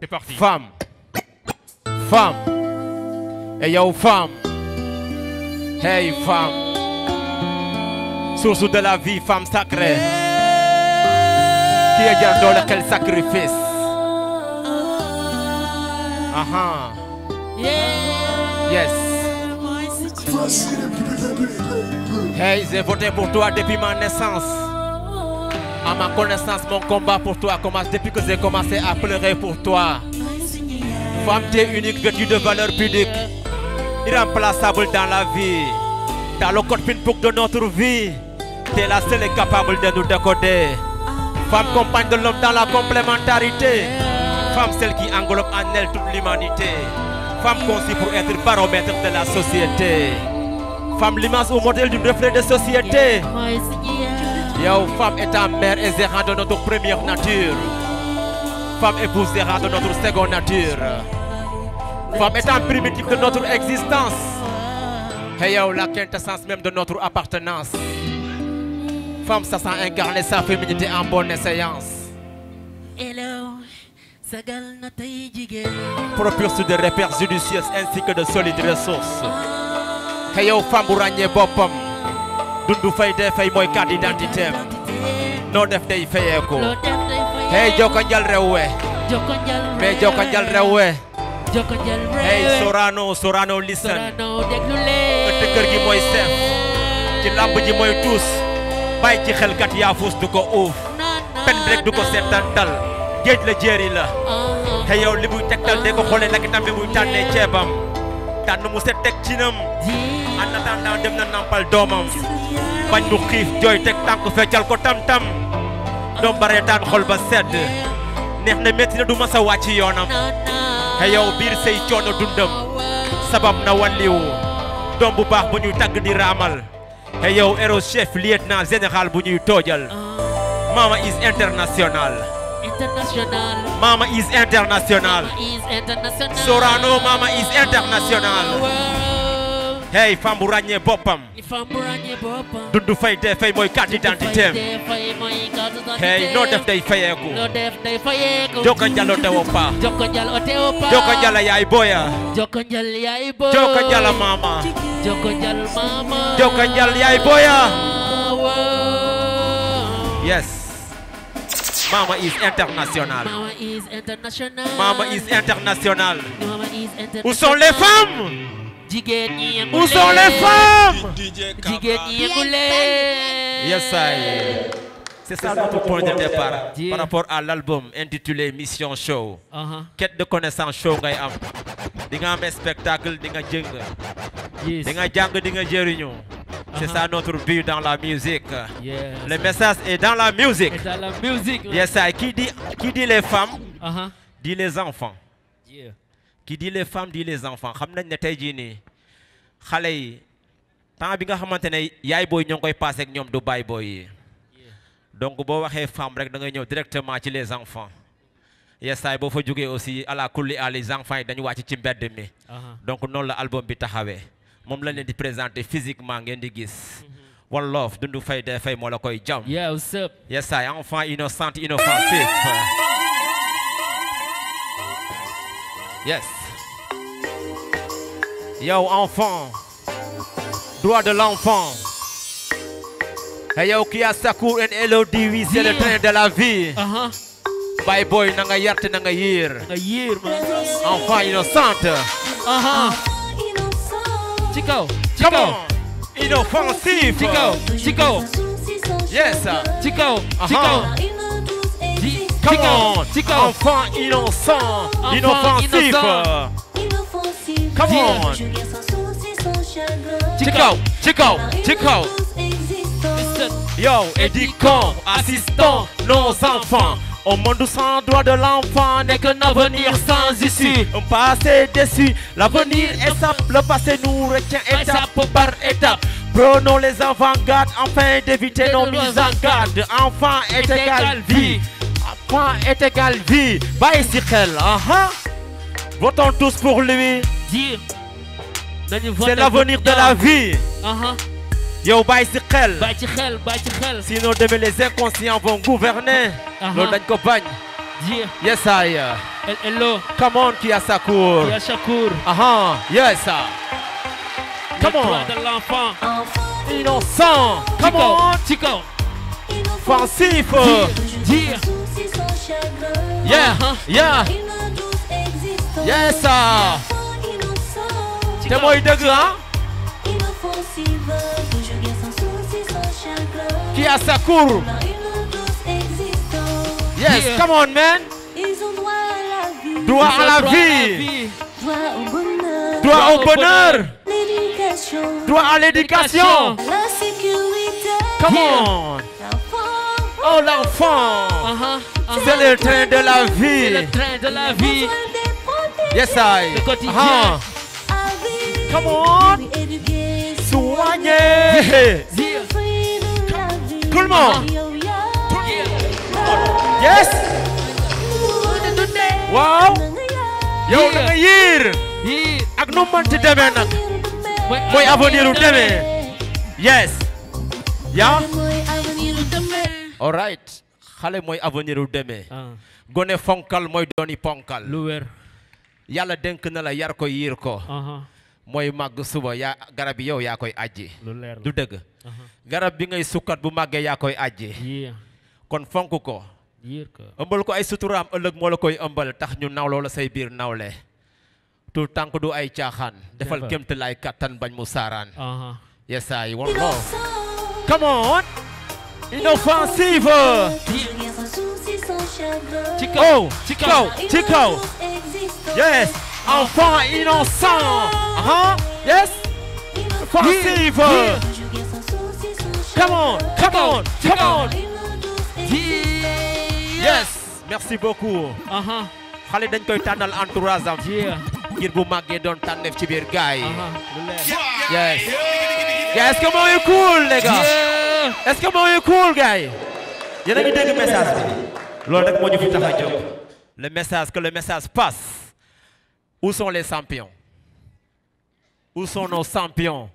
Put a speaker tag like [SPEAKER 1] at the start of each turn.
[SPEAKER 1] C'est parti. Femme. Femme. Hey eh, yo, femme. Hey, femme. Source de la vie, femme sacrée. Qui est dans quel sacrifice. Ah uh Yes. Hey, j'ai voté pour toi depuis ma naissance. À ma connaissance, mon combat pour toi commence depuis que j'ai commencé à pleurer pour toi. Femme, tu es unique, vêtue de valeur publique, irremplaçable dans la vie. Dans le code pinbook de notre vie, tu es la seule capable de nous décoder. Femme, compagne de l'homme dans la complémentarité. Femme, celle qui englobe en elle toute l'humanité. Femme conçue pour être baromètre de la société. Femme, l'image au modèle du reflet de société. femme étant mère et zéra de notre première nature. Femme épouse zéra de notre seconde nature. Femme étant primitive de notre existence. la quintessence même de notre appartenance. Femme, ça sent incarner sa féminité en bonne séance. Hello. Propulse de repères judicieuses ainsi que de solides ressources. te yow fam bu ràññee boppam dundu fay dee fay mooy carte d'identité am noo def day fayeeku hey jokonjal rew we mais jokonjal rew we hey Sorano Sorano listen ëtt kër gi mooy seef ci làmb ji mooy tuus bàyyi ci xelkat yaa fuus du ko uuf pen du ko seetantal géej la jéeri la uh-huh. te yow li muy tegtal de ko xoolee nag itam bi muy tànnee ceebam tànn mu set teg ci nam en attendant dem na nampal doomam bañ mu xiif jooy teg tànk feccal ko tam-tam doom ba reetaan xol ba sedd neex na métti na du masa wàcc yoonam te yow biir say coono dundam sabab na walliwu doom bu baax bu ñuy tagg di raamal te yow héros chef lieutenant général bu ñuy toojal mama international. Mama is international. Mama is international. Sorano mama is international. Hey, famburanye bopam. boppam. Fambu ranye fai Dundu fay de fay moy carte Hey, no def de fai fayeku. No def de fai fayeku. Joko njal otewo opa. Joko njal otewo opa. Joko njala ya iboya. Joko njala ya iboya. Joko njala mama. Joko njala mama. Joko njala ya iboya. Yes. Mama is international. Mama is international. Mama is international. Où sont les femmes Où sont les femmes Yes, sir C'est ça notre point de départ par rapport à l'album intitulé Mission Show. Uh-huh. Quête de connaissance show Il y Di nga spectacle. spectacle, y a un jungle, Il y a un jungle. C'est ça uh-huh. notre but dans la musique. Yes. Le message est dans la musique. dans la musique. Yes, ça. Qui dit, les femmes, uh dit les enfants. Yeah. Qui dit les femmes, dit les enfants. Xam nañ ne tey jii nii xale yi temps bi nga xamante ne yaay booy koy passé ak ñoom du baay donc vous waxee femme rek da ngay directement ci les enfants. yes saay boo fa jógee aussi à la kulli à les enfants et dañu wàcc ci mbedd mi. Uh-huh. donc non, l'album album bi mom lañ leen di présenter physiquement gis. One Love fay Faye fay mo la koy yeah what's up. yes I enfant Innocent, Innocent yes. Yo enfant. droit de l'enfant. Hey a Sakur c'est le train de la vie. uh boy na nga n'anga na nga man. enfant innocente. Uh-huh. Chico, Chico. Come on. Inoffensif. Chico, Chico. Yes. Chico, uh-huh. Chico. Come on. Chico. Enfant innocent. Inoffensif. Come on. Chico, Chico, Chico. Yo, éduquons, assistons nos enfants au monde sans droit de l'enfant n'est qu'un avenir sans issue. Un passé déçu, l'avenir est simple, le passé nous retient étape par étape. Prenons les avant-gardes afin d'éviter nos mises en garde. Enfant est égal vie. Enfant est égal vie. Bye Votons tous pour lui. C'est l'avenir de la vie. Yo bàyyi si xel bàyyi ci xel bàyyi ci xel sinon demain les inconscients vont gouverner loolu dañ ko bañ yes I uh, hello come on qui Sakour Kia Sakour aha yes uh, come on de l'enfant innocent come on Chico. Facile. dire yeah yeah yes uh. te mooy dëgg grand. Hein? Qui Kia Sakur. Yes, yeah. come on, man. Ils ont droit à la vie. Droit à la, vie. Droit au bonheur. Droit, droit au bonheur. bonheur. Droit à l'éducation. La sécurité. Come yeah. on. Oh, l'enfant. Uh -huh. C'est le uh-huh. train de la vie. C'est le train de la vie. Yes, I. Le quotidien. Uh -huh. Come on. soigné. Tout le yes. waaw. yow da nga yiir. ak nu mënti demee nag. mooy avenir u demee. yes. yaa. all right. xale mooy avenir u demee. Ah. gone fonkal mooy dooni ponkal. lu wér. yàlla dénk na la yar ko yiir ko. Moy mag suba ya garab yow ya koy ajji ya iya. iya du deug garab bi ngay sukkat bu magge ya koy aji. kon fonku ko ëmbal ko ay suturam ëllëg mo la koy ëmbal tax ñu nawloo la say bir nawle tout tank du ay tiaxan defal kemt lay katan bañ mu yes i one love come on
[SPEAKER 2] inoffensive
[SPEAKER 1] chico chico chico yes oh, enfant innocent. Hein? Yes? Forcive. Come on, come on, come on. Yes. Merci beaucoup. Uh-huh. xale dañ koy tànnal entourage am. ngir bu màggee don tànneef ci bir gars uh-huh. Yes. yes. est-ce que cool les gars. est-ce que moi ngi cool gars Je yéen a ngi dégg message bi. loolu rek moo ñu fi tax a le message que le message passe. Où sont les champions Où sont nos champions